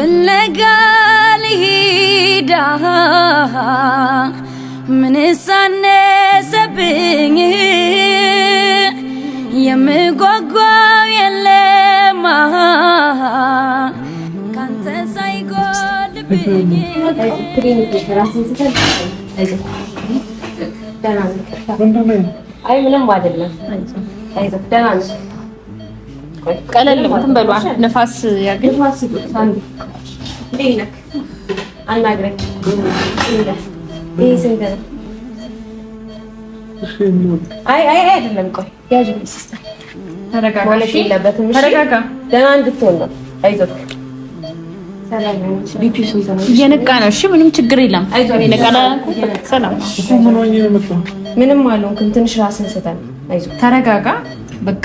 ፍለጋ ልሂዳ ምንስ አነሰብኝ የምጓጓው የለማ ካንተ ሳይጎልብኝ ምንም አይደለም። ቀለል እንትን በሏ ነፋስ ያገኝ እየነቃ ነው። እሺ ምንም ችግር የለም። ምንም አልሆንክም። ትንሽ ራስን ስተን ተረጋጋ በቃ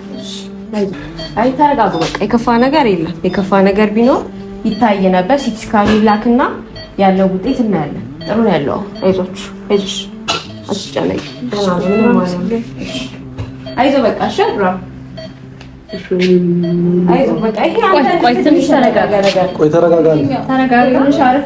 አይ ተረጋጉ፣ በቃ የከፋ ነገር የለም። የከፋ ነገር ቢኖር ይታይ ነበር። ሲቲ ስካን ላክና ያለው ውጤት እናያለን። ጥሩ ነው ያለው። አይዞሽ፣ አይዞሽ፣ አትጨነቂ። አይዞ በቃ እሺ፣ ቆይ ተረጋጋ፣ አረፍ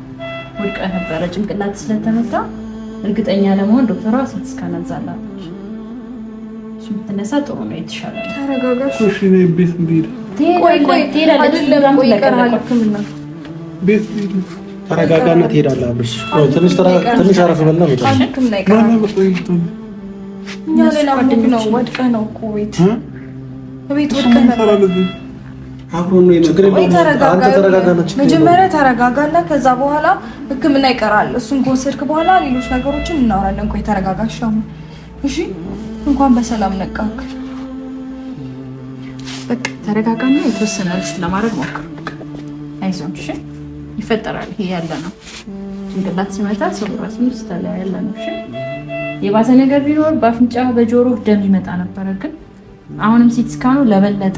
ወድቃ ነበረ ጭንቅላት ስለተመታ። እርግጠኛ ለመሆን ዶክተሯ ሲቲ ስካን አዛላለች። እሱ ብትነሳ ጥሩ ነው፣ የተሻለ ተረጋጋና ትሄዳለህ። አብርሽ ትንሽ አረፍ በልና ነው ወድቀህ ነው እኮ ቤት ቤት ወድቀህ ነው አብሮ ነው መጀመሪያ ተረጋጋና ከዛ በኋላ ህክምና ይቀራል። እሱን ከወሰድክ በኋላ ሌሎች ነገሮችን እናወራለን። ቆይ ተረጋጋሽ እሺ። እንኳን በሰላም ነቃክ። በቃ ተረጋጋና የተወሰነ ለማድረግ ሞክር። አይዞን እሺ። ይፈጠራል። ይሄ ያለ ነው። ጭንቅላት ሲመታ ሰው ያለ ነው። እሺ። የባሰ ነገር ቢኖር በአፍንጫ በጆሮ ደም ይመጣ ነበረ፣ ግን አሁንም ለበለጠ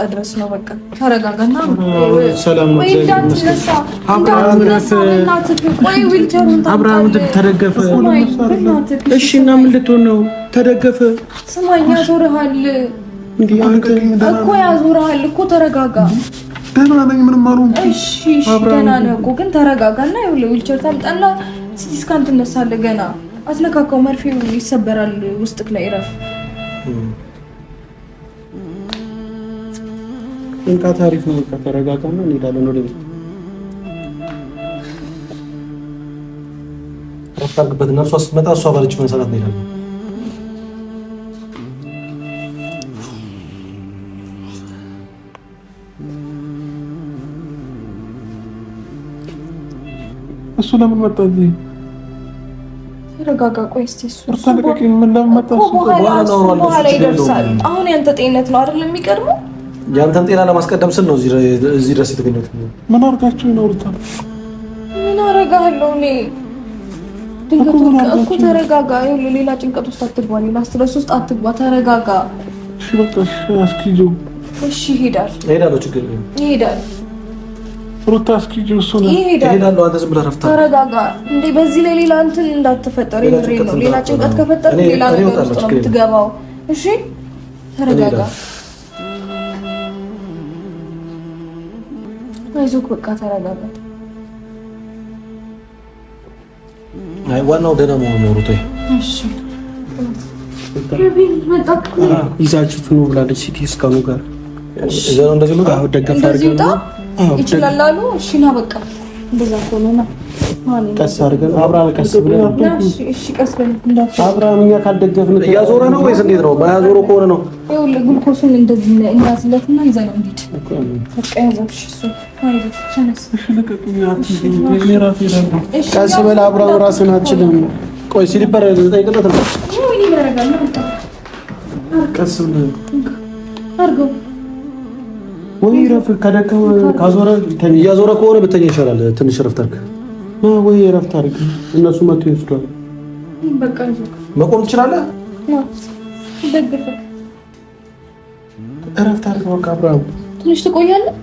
እስክትመጣ ድረስ ነው። በቃ ተረጋጋና እሺ እና ምን ልትሆን ነው? ተደገፈ። ስማኛ ዞርሃል እኮ ያዞርሃል እኮ ተረጋጋ። ደህና ነኝ፣ ምንም አልሆንኩም። እሺ ደህና ነህ እኮ ግን ተረጋጋና ዊልቸር ታምጣና ሲቲ ስካን ትነሳለህ። ገና አትነካካው፣ መርፌ ይሰበራል ውስጥክ ላይ እረፍ። እንካ ታሪፍ ነው። በቃ ተረጋጋና እንሄዳለን ወደ ቤት። እረፍት አድርግበት እና እሷ ስትመጣ እሷ ባለች መሰረት እንሄዳለን። እሱ ለምን መጣ እዚህ? ተረጋጋ። ቆይ እስኪ እሱ ምን ለምን መጣ? በኋላ ይደርሳል። አሁን ያንተ ጤንነት ነው አይደል የሚቀድመው? የአንተን ጤና ለማስቀደም ስል ነው እዚህ ድረስ የተገኘሁት። ምን አርጋችሁ ነው ሩታ? ምን አረጋለሁ እኔ? እኮ ተረጋጋ። ሌላ ጭንቀት ውስጥ አትግባ፣ ሌላ ስትረስ ውስጥ አትግባ። ተረጋጋ። እሺ ይሄዳል፣ ችግር ይሄዳል። ሩታ አንተ ዝም ብለህ ተረጋጋ። እንዴ በዚህ ላይ ሌላ እንትን እንዳትፈጠር፣ ሌላ ጭንቀት ሌላ ነገር ውስጥ ነው የምትገባው። እሺ ተረጋጋ። አይዞህ፣ በቃ ተረጋጋ። አይ ዋናው ደህና መሆን ነው። ሩቴ ይዛችሁት ነው ብላለች። ሲቲ እስካሁኑ ጋር እዛ ነው እንደዚህ ነው። አሁን ደገፍ አድርገው ይችላል አሉ። እሺ ና በቃ እንደዛ ከሆነ ነው ቀስ አድርገን አብርሃም፣ ቀስ ብለን አብርሃም፣ እኛ ካልደገፍን እያዞረ ነው ወይስ እንዴት ነው? ባያዞረ ከሆነ ነው ግልኮሱን እንደዚህ ይዘነው እንሂድ። ቀስ በል አብርሃም፣ ቆይ ነው። ቀስ ወይ ረፍ። እያዞረ ከሆነ ብተኛ ይሻላል። ትንሽ ረፍት አድርገህ ወይ እረፍት አድርግ። እነሱ መጥቶ ይወስዷል። በቃ መቆም ትችላለህ። እረፍት አድርግ። በቃ አብርሃም ትንሽ ትቆያለህ።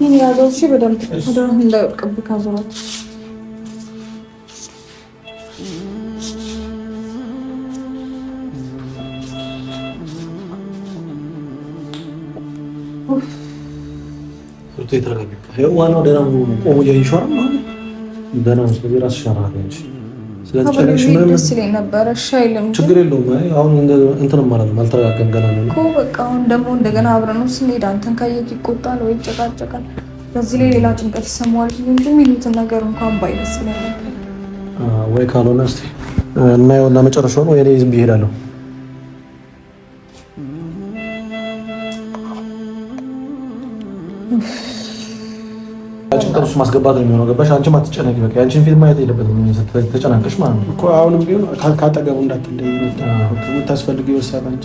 ይህን ያዘው በደንብ እንዳይወድቅብህ ካዞራት ዋናው ደህና ቆሞ እያይሻል። ደህና ራስሽ ስለተጨነቅሽ ምንም ደስ ይለኝ ነበረ። እሺ አይልም፣ ችግር የለውም። አሁን እንትን ማለት አልተረጋገም ገና ነው እኮ በቃ። አሁን ደግሞ እንደገና አብረን ስንሄድ አንተን ካየህ ይቆጣል ወይ ይጨቃጨቃል። በዚህ ላይ ሌላ ጭንቀት ይሰማዋል እንጂ የሚሉትን ነገር እንኳን ባይደስ ወይ ካልሆነ እስኪ እናየውና መጨረሻውን ወይ እኔ ዝም ብዬ እሄዳለሁ ጭንቀት ውስጥ ማስገባት ነው የሚሆነው። ገባሽ? አንቺም አትጨነቂ። በቃ ያንቺን ፊልም ማየት የለበትም ተጨናንቀሽ ማለት ነው እኮ። አሁንም ቢሆን ካጠገቡ እንዳትለይ ታስፈልግ ይወሳል አንቺ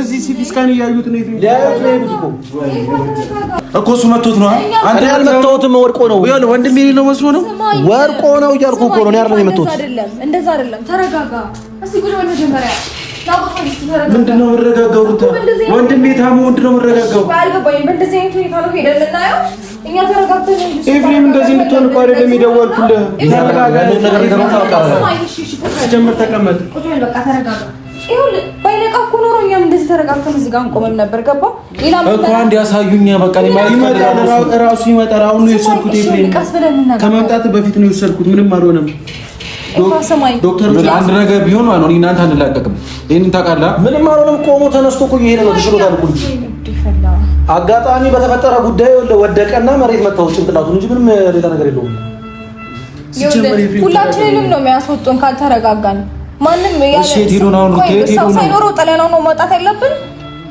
እዚህ ሲቲ ስካን እያዩት ነው እኮ እሱ መቶት ነው። አንተ ያልመታሁትም ወድቆ ነው ይሁን ወንድም የሌለው መስሎ ነው ወድቆ ነው እያልኩ እኮ ነው። ያርለም የመታሁት አይደለም። ኤፍሬም እንደዚህ እንድትሆን እኮ አይደለም የደወልኩልህ። ተረጋጋ። ነገር ተቀመጥ። ተረጋጋ ተቀመጥ ይኸውልህ ከመምጣት በፊት ነው የወሰድኩት። ምንም አልሆነም። ዶክተር አንድ ነገር ቢሆን ማለት ነው እናንተ አንላቀቅም። ይሄንን ታውቃለህ። ምንም አልሆነም። ቆሞ ተነስቶ እኮ እየሄደ ነው። ተሽሎታል እኮ አጋጣሚ በተፈጠረ ጉዳይ ወደቀና መሬት መታው ጭንቅላቱ እንጂ ምንም ሌላ ነገር የለውም። ሁላችንንም ነው የሚያስወጡን ካልተረጋጋን ማንም ሰው ሳይኖረው ጥለነው ነው መውጣት ያለብን።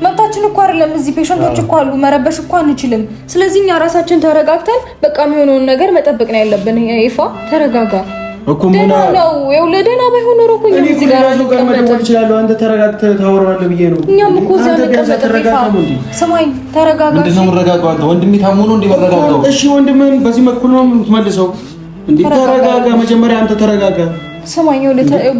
መብታችን እኮ አይደለም። እዚህ ፔሸንቶች እኮ አሉ፣ መረበሽ እኮ አንችልም። ስለዚህ እኛ ራሳችን ተረጋግተን በቃ የሚሆነውን ነገር መጠበቅ ነው ያለብን። ይፋ ተረጋጋ እኮ ደህና ነው። ይኸውልህ ደህና ባይሆን ኖሮ እኮ እኛም እዚህ ጋር መደወል እችላለሁ። አንተ ተረጋግተህ ታወራለህ ብዬ ነው። እኛም እኮ እዚያ እንቀመጥ። ስማኝ፣ ተረጋጋ። ምንድን ነው የምረጋጋው? አንተ ወንድሜ ታሞ ነው እንደ መረጋጋው። እሺ፣ ወንድምህን በዚህ በኩል ነው የምትመልሰው? እንደ ተረጋጋ መጀመሪያ አንተ ተረጋጋ። ሰማኝ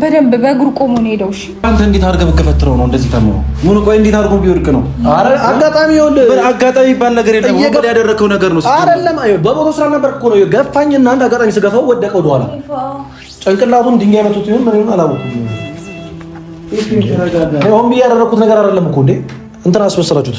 በደንብ በእግሩ ቆሞ ነው ሄደው። እሺ አንተ እንዴት አድርገህ ብትከፈትረው ነው እንደዚህ ታመው? ምን ቆይ እንዴት አድርጎ ቢወድቅ ነው? አረ አጋጣሚ ይሁን ምን አጋጣሚ ይባል ነገር የለም። ወንበዴ ያደረከው ነገር ነው። አይደለም አይው ስራ ነበር እኮ ነው። ገፋኝና አንድ አጋጣሚ ስገፋው ወደቀ ወደኋላ። ጭንቅላቱን ድንጋይ መቶት ይሁን ምን ይሁን አላወኩም። ሆን ብዬ ያደረኩት ነገር አይደለም እኮ እንዴ እንትን አስመሰላችሁት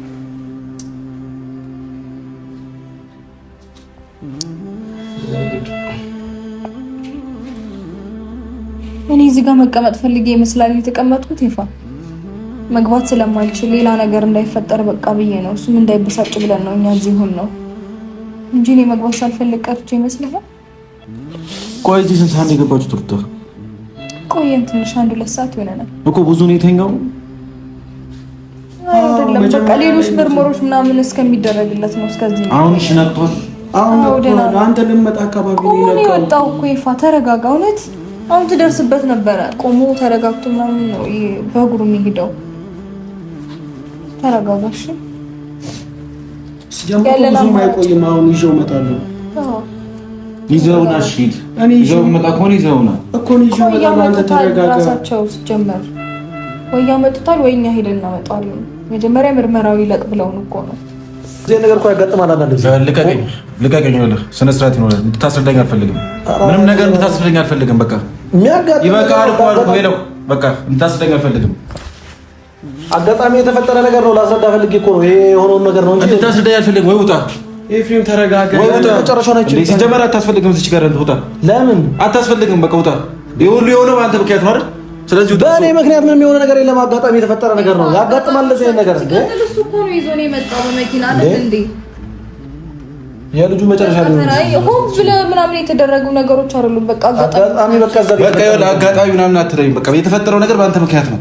እኔ እዚህ ጋር መቀመጥ ፈልጌ ይመስላል የተቀመጥኩት። ይፋ መግባት ስለማልችል ሌላ ነገር እንዳይፈጠር በቃ ብዬ ነው። እሱም እንዳይበሳጭ ብለን ነው እኛ እዚህ ሆን ነው እንጂ እኔ መግባት ሳልፈልግ ቀርቼ ይመስልሃል? ቆይ እዚህ ስንት ሰዓት የገባችሁ ትርታ? ቆየን ትንሽ አንድ ሁለት ሰዓት ይሆነናል እኮ ብዙ ነው የተኛው። አይደለም በቃ ሌሎች ምርመሮች ምናምን እስከሚደረግለት ነው። እስከዚህ አሁን እሺ ነቅቷል። አሁን አንተ ልመጣ አካባቢ ነው የወጣው እኮ ይፋ ተረጋጋ እውነት አሁን ትደርስበት ነበረ። ቆሞ ተረጋግቶ ምናምን ነው በእግሩ የሚሄደው። ተረጋጋሽ ብዙም አይቆይም። አሁን ይዤው እመጣለሁ። ይዘውና ሺድ እኔ ይዘው መጣ ከሆነ ይዘውና እኮ ነው ይዤው እመጣለሁ። አንተ ተረጋጋ። ራሳቸው ሲጀመር ወይ ያመጡታል ወይ እኛ ሄደን እናመጣለን። መጀመሪያ ብለውን እኮ ነው እንደዚህ ነገር እኮ ያጋጥማል አንዳንድ ጊዜ። ልቀቀኝ ልቀቀኝ፣ ይኸውልህ ስነ ስርዓት ይኖራል። እንድታስረዳኝ አልፈልግም፣ ምንም ነገር እንድታስረዳኝ አልፈልግም። በቃ ይበቃል እኮ አልኩህ። ሄለው በቃ እንድታስረዳኝ አልፈልግም። አጋጣሚ የተፈጠረ ነገር ነው። ላስረዳ ፈልጌ እኮ ነው። ይሄ የሆነውን ነገር ነው እንጂ እንድታስረዳኝ አልፈልግም። ወይ ውጣ ኤፍሬም ተረጋጋ። ወይ መጨረሻውን አይችልም። ሲጀመር አታስፈልግም። እዚህ ጋር ውጣ። ለምን አታስፈልግም? በቃ ውጣ። ይሄ ሁሉ የሆነው አንተ ብቻ ነው አይደል? ስለዚህ በእኔ ምክንያት ምንም የሆነ ነገር የለም። አጋጣሚ የተፈጠረ ነገር ነው። ያጋጥማል። ለዚህ አይነት ነገር እንዴ እኮ ነው በመኪና እንዴ? የልጁ መጨረሻ ላይ ሆም ምናምን ነገሮች አይደሉም። በቃ አጋጣሚ በቃ በቃ አጋጣሚ ምናምን አትለኝም። በቃ የተፈጠረው ነገር በአንተ ምክንያት ነው።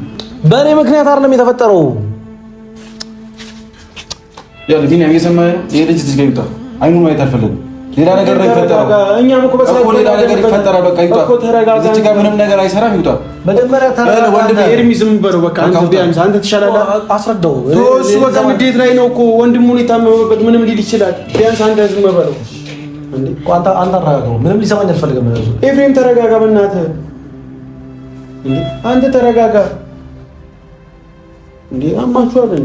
በእኔ ምክንያት አይደለም የተፈጠረው። ያው ቢኒያም እየሰማኸኝ ነው። ይሄ ልጅ እዚህ አይኑን ማየት አልፈለግም ሌላ ነገር ነው ይፈጠራል። ሌላ ነገር ይፈጠራል። በቃ እዚህ ጋር ምንም ነገር አይሰራም። ይውጣል። መጀመሪያ በቃ አንተ አንተ ትሻላለህ። አስረዳው ላይ ነው እኮ ወንድሙን የታመመበት ምንም ሊል ይችላል። ቢያንስ አንተ ዝም እንዴ አንተ ምንም ኤፍሬም ተረጋጋ፣ እንዴ አንተ ተረጋጋ። እንዴ አማቹ አይደል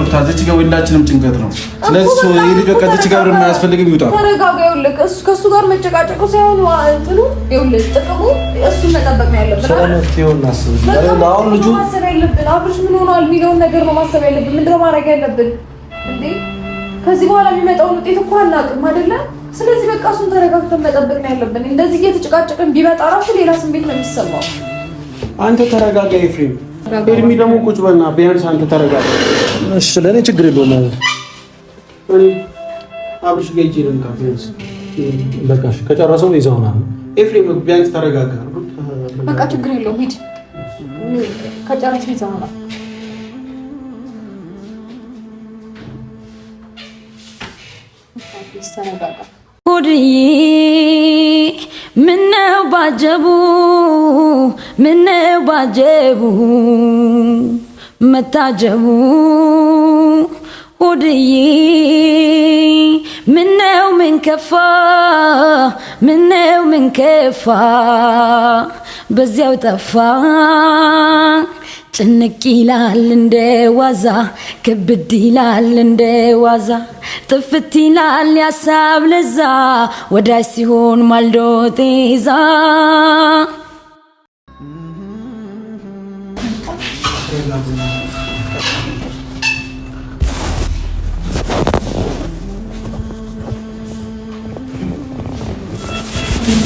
ሩታ እዚች ጋር ሁላችንም ጭንቀት ነው። ስለዚህ ይሄ ልጅ በቃ እዚች ጋር የማያስፈልግም ይውጣ። ከእሱ ጋር መጨቃጨቁ ሳይሆን መጠበቅ ነው ያለብን። አሁን ልጁ ማሰብ ያለብን አብርሽ ምን ሆኗል የሚለውን ነገር ነው ማሰብ ያለብን። ምንድን ነው ማድረግ ያለብን? ከዚህ በኋላ የሚመጣውን ውጤት እኮ አናውቅም አይደለ? ስለዚህ በቃ እሱን ተረጋግተን መጠበቅ ነው ያለብን። እንደዚህ እየተጨቃጨቅን ቢመጣ ራሱ ሌላ ስሜት ነው የሚሰማው። አንተ ተረጋጋ ኤፍሬም። ኤርሚ ደግሞ ቁጭ በልና ቢያንስ አንተ ተረጋጋ እሺ፣ ለእኔ ችግር የለውም። አብርሽ ጋር ሂጅ ልምጣ። በቃ እሺ፣ ከጨረሰው ይዘውናል። ኤፍሬም ቢያንስ ተረጋጋ። በቃ ችግር የለውም። ሂድ፣ ከጨረሰው ይዘውናል። ሆድዬ ምነው ባጀቡ ምነው ባጀቡ መታጀቡ ሆድዬ ምነው ምን ከፋ ምነው ምን ከፋ በዚያው ጠፋ ጭንቅ ይላል እንደ ዋዛ ክብድ ይላል እንደ ዋዛ ጥፍት ይላል ያሳብ ለዛ ወዳጅ ሲሆን ማልዶ ጤዛ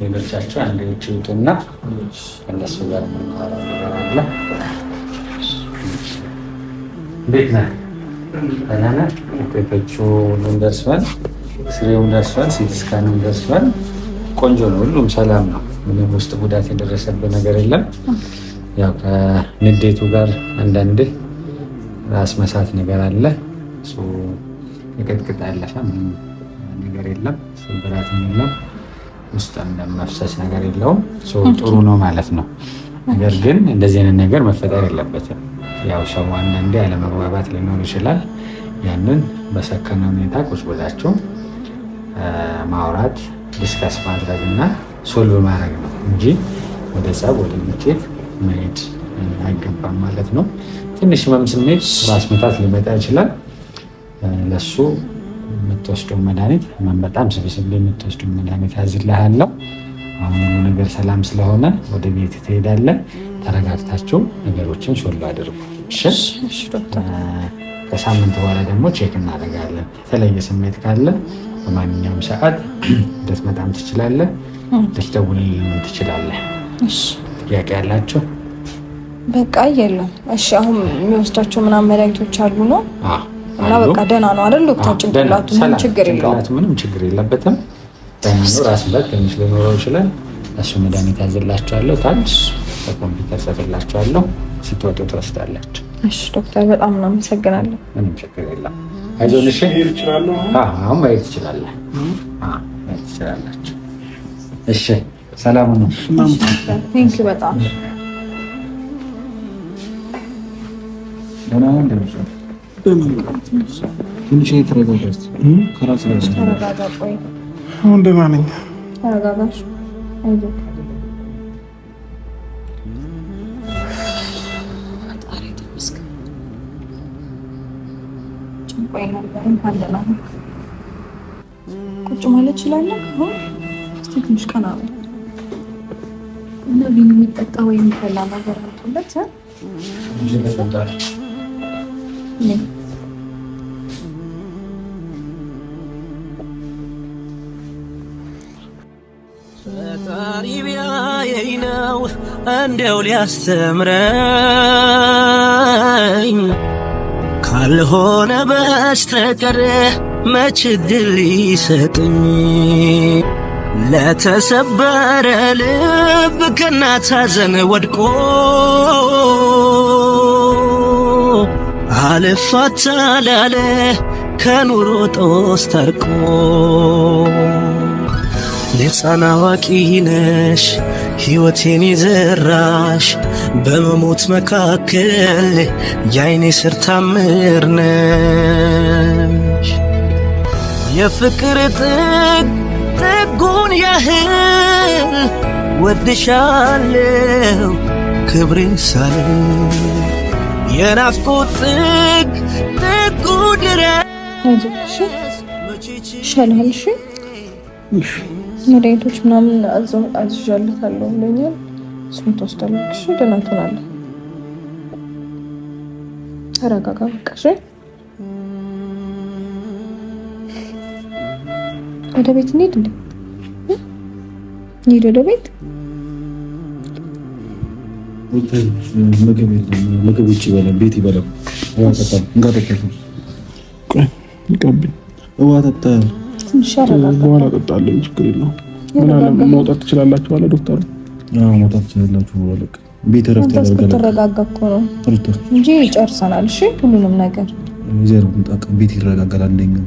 ሌሎቻቸው አንድ ውጭ ውጡና እነሱ ጋር የምናወራው እንዴት ነ ደህና ነህ? ውጤቶቹ ሁሉም ደርሷል። ስሬውም ደርሷል። ሲቲ ስካንም ቆንጆ ነው። ሁሉም ሰላም ነው። ምንም ውስጥ ጉዳት የደረሰብህ ነገር የለም። ያው ከንዴቱ ጋር አንዳንዴ ራስ መሳት ነገር አለ። እሱ ቅጥቅጥ ያለፈ ምንም ነገር የለም። ስብራትም የለም። ውስጥ መፍሰስ ነገር የለውም። ጥሩ ነው ማለት ነው። ነገር ግን እንደዚህ አይነት ነገር መፈጠር የለበትም። ያው ሰው አንዳንዴ አለመግባባት ሊኖር ይችላል። ያንን በሰከነ ሁኔታ ቁጭ ብላችሁ ማውራት፣ ዲስከስ ማድረግ እና ሶልቭ ማድረግ ነው እንጂ ወደ ጸብ፣ ወደ ምኬት መሄድ አይገባም ማለት ነው። ትንሽ ህመም ስሜት ራስ ምታት ሊመጣ ይችላል ለሱ የምትወስደው መድኃኒት በጣም ስብስብ የምትወስዱ መድኃኒት ያዝልሃለው። አሁን ነገር ሰላም ስለሆነ ወደ ቤት ትሄዳለህ። ተረጋግታችሁ ነገሮችን ሾሉ አድርጉ። ከሳምንት በኋላ ደግሞ ቼክ እናደርጋለን። የተለየ ስሜት ካለ በማንኛውም ሰዓት ልትመጣም ትችላለህ፣ ልትደውልልንም ትችላለህ። ጥያቄ ያላቸው በቃ የለም። እሺ አሁን የሚወስዳቸው ምናምን መድኃኒቶች አሉ ነው እና በቃ ደህና ነው አይደል ዶክተር? ጭንቅላቱ ምንም ችግር የለውም፣ ምንም ችግር የለበትም። ራስ ምታት ትንሽ ሊኖረው ይችላል። እሱ መድኃኒት ያዝላቸዋለሁ፣ ካልሽ በኮምፒውተር ሰፍላቸዋለሁ፣ ስትወጡ ትወስዳላችሁ። እሺ ዶክተር፣ በጣም እናመሰግናለን። ምንም ችግር የለም፣ አይዞን። እሺ አሁን ማየት ትችላለህ፣ ማየት ትችላላችሁ። እሺ ሰላም ነው። ቴንክ በጣም ደህና ነው። ትንሽ ተረጋጋስ። ከራስ ጋር ተረጋጋ። ቆይ አሁን ደህና ነኝ። ተረጋጋሽ። ቁጭ ማለት እችላለሁ። እስኪ ትንሽ ቀና በል እና ቢኒ የሚጠጣ ወይ የሚፈላ ነገር አምጡለት። Nee. ነው እንደው ሊያስተምረኝ ካልሆነ በስተቀር መች ድል ሊሰጥኝ ለተሰበረ ልብ ከናት ሐዘን ወድቆ አልፋታ ላለ ከኑሮ ጦስ ታርቆ ሕፃን አዋቂ ነሽ ሕይወቴን የዘራሽ በመሞት መካከል የአይኔ ስር ታምር ነሽ የፍቅር ጥግ ጥጉን ያህል ወድሻለው ክብሬ ሳለ የናፍቆት ጥግ ጥጉ ድረስ መድኃኒቶች ምናምን አዝዣለታለሁ ብሎኛል። እሱን ትወስዳለህ። እሺ ደህና ትሆናለህ። ተረጋጋ በቃ። እሺ ወደ ቤት እንሂድ። እንደ እንሂድ ወደ ቤት ምግብ የለም። ምግብ ውጭ ይበላል፣ ቤት ይበላል። በኋላ ጠጣለሁ፣ ችግር የለውም። ምናምን መውጣት ትችላላችሁ አለ ዶክተሩ። መውጣት ትችላላችሁ ቤት እረፍት ያደርጋል። ተረጋጋ እኮ ነው እንጂ ጨርሰናል። እሺ ሁሉንም ነገር ቤት ይረጋጋል። አንደኛው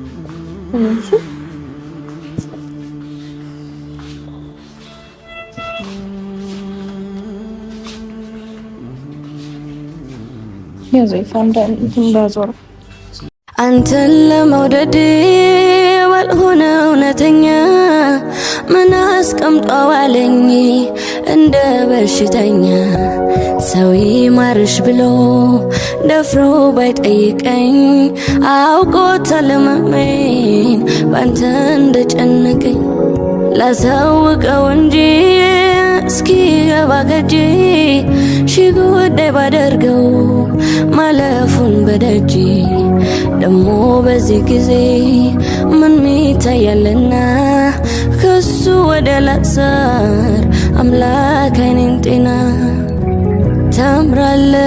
አንተን ለመውደድ ባልሆነ እውነተኛ ምን አስቀምጧዋለኝ እንደ በሽተኛ ሰው ይማርሽ ብሎ ደፍሮ ባይጠይቀኝ አውቆ ተለመመኝ ባንተ እንደጨነቀኝ ላሳውቀው እንጂ እስኪገባ ከጄ ሺህ ባደርገው ማለፉን በደጄ ደሞ በዚህ ጊዜ ምን ሚታያለና ከሱ ወደ ላሳር አምላክ አይኔን ጤና ታምራለ